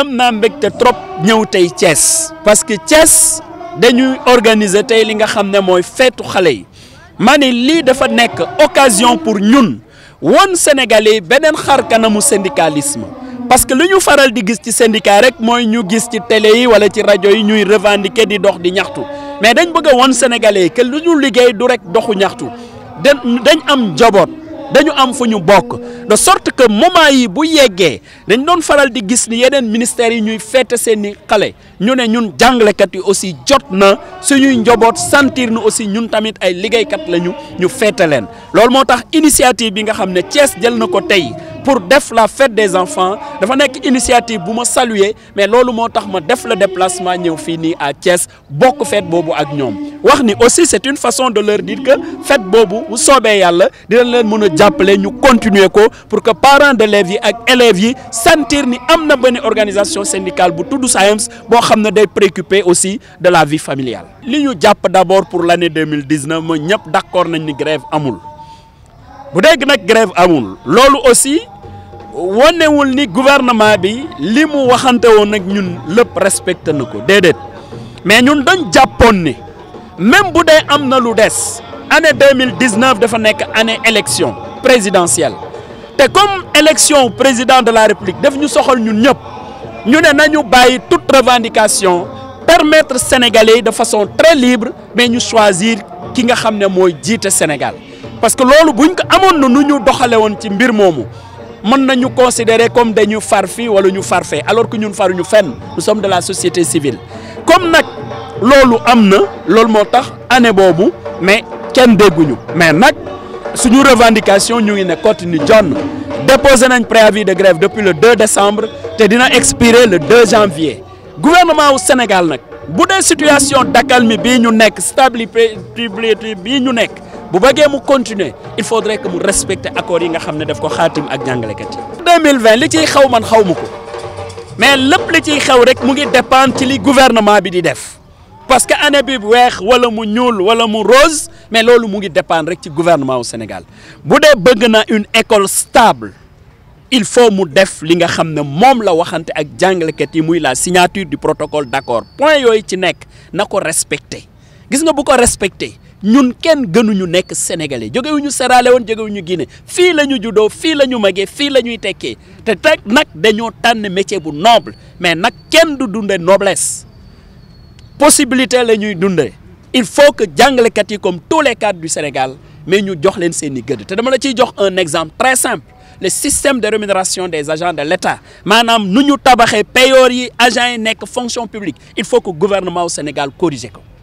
am na mbégte trop ñëw tey cees parce que Thiès dañuy organiser tey li nga xam ne mooy feetu xale yi maa ne lii dafa nekk occasion pour ñun woon Sénégalais beneen xar kanamu syndicalisme parce que lu ñu faral di gis ci syndicat rek mooy ñu gis ci télé yi wala ci rajo yi ñuy revendiquer di dox di ñaxtu mais dañ bëgg a won sénégalais que lu ñu liggéey du rek doxu ñaxtu dañ am njaboot dañu am fu ñu bokk de sort que moment yi bu yeggee dañ doon faral di gis ni yeneen ministères yi ñuy feete seeni xale ñu ne ñun jàngalekat yi aussi jot na suñuy njoboot sentir nu aussi ñun tamit ay liggéeykat lañu ñu feete leen loolu moo tax initiative bi nga xam ne Thiès jël na ko tey pour faire la fête des enfants dafa une initiative pour me saluer mais loolu moo tax ma def le déplacement ñëw fini à Thiès bokk fête fêtes ak ñoom wax aussi c'est une façon de leur dire que fête des vous soobee yàlla dinañ leen mën a ñu continuer pour que parents d'élèves yi ak élèves yi sentir ni am na organisation syndicale bu tudd SAEMS préoccuper aussi de la vie familiale. li ñu jàpp d'abord pour l'année 2019 nous ñëpp d'accord nañ ni grève amul Vous avez Une grève amul lolo aussi wanewul ni gouvernement bi limu mu waxante woon ak ñun lepp respecté nako dedet mais ñun dañ japon ni même bu dee am na lu dess année 2019 dafa nek année élection présidentielle té comme élection président de la république def ñu soxal ñun ñep ñu ne nañu toute revendication permettre sénégalais de façon très libre mais ñu choisir ki nga xamné ne jité Sénégal parce que lolu buñ ko amon nu ñu doxalé won ci mbir momu nous nañu considérer comme des farfis ou wala ñu alors que ñun faruñu fenn nous sommes de la société civile comme nag loolu am na loolu année bobu mais kenn dégguñu mais nous, suñu revendication ñu ngi ne continue jonn déposé nañ préavis de grève depuis le 2 décembre nous dina expirer le 2 janvier le gouvernement au Sénégal si bu situation d'accalmie bii ñu nekk stabilité bii ñu bu bëggee mu continuer il faudrait que mu respecter accord yi nga xam ne daf ko xaatim ak jàngalekat yi. 2020 li ciy xaw man xaw ko mais lépp li ciy xew rek mu ngi dépendre ci li gouvernement bi di def parce que année bi weex wala mu ñuul wala mu rose mais loolu mu ngi dépendre rek ci gouvernement au Sénégal bu dee bëgg na une école stable. il faut mu def li nga xam ne moom la waxante ak jàngalekat yi muy la signature du protocole d'accord point yooyu ci nekk na ko respecter gis nga bu ko respecter ñun kenn gënuñu nekk sénégalais jógewuñu Sierra Leone jógewuñu Guinée fii la ñu juddoo fii la ñu magee fii la ñuy tekkee te teg nag dañoo tànn métier bu noble mais nag kenn du dunde noblesse possibilité la ñuy il faut que jàngalekat yi comme tous les cadres du Sénégal mais ñu jox leen seen i gëdd te dama la ciy jox un exemple très simple le système de rémunération des agents de l'État maanaam nu ñu tabaxee payoor yi agents yi nekk fonction publique il faut que gouvernement au Sénégal corriger ko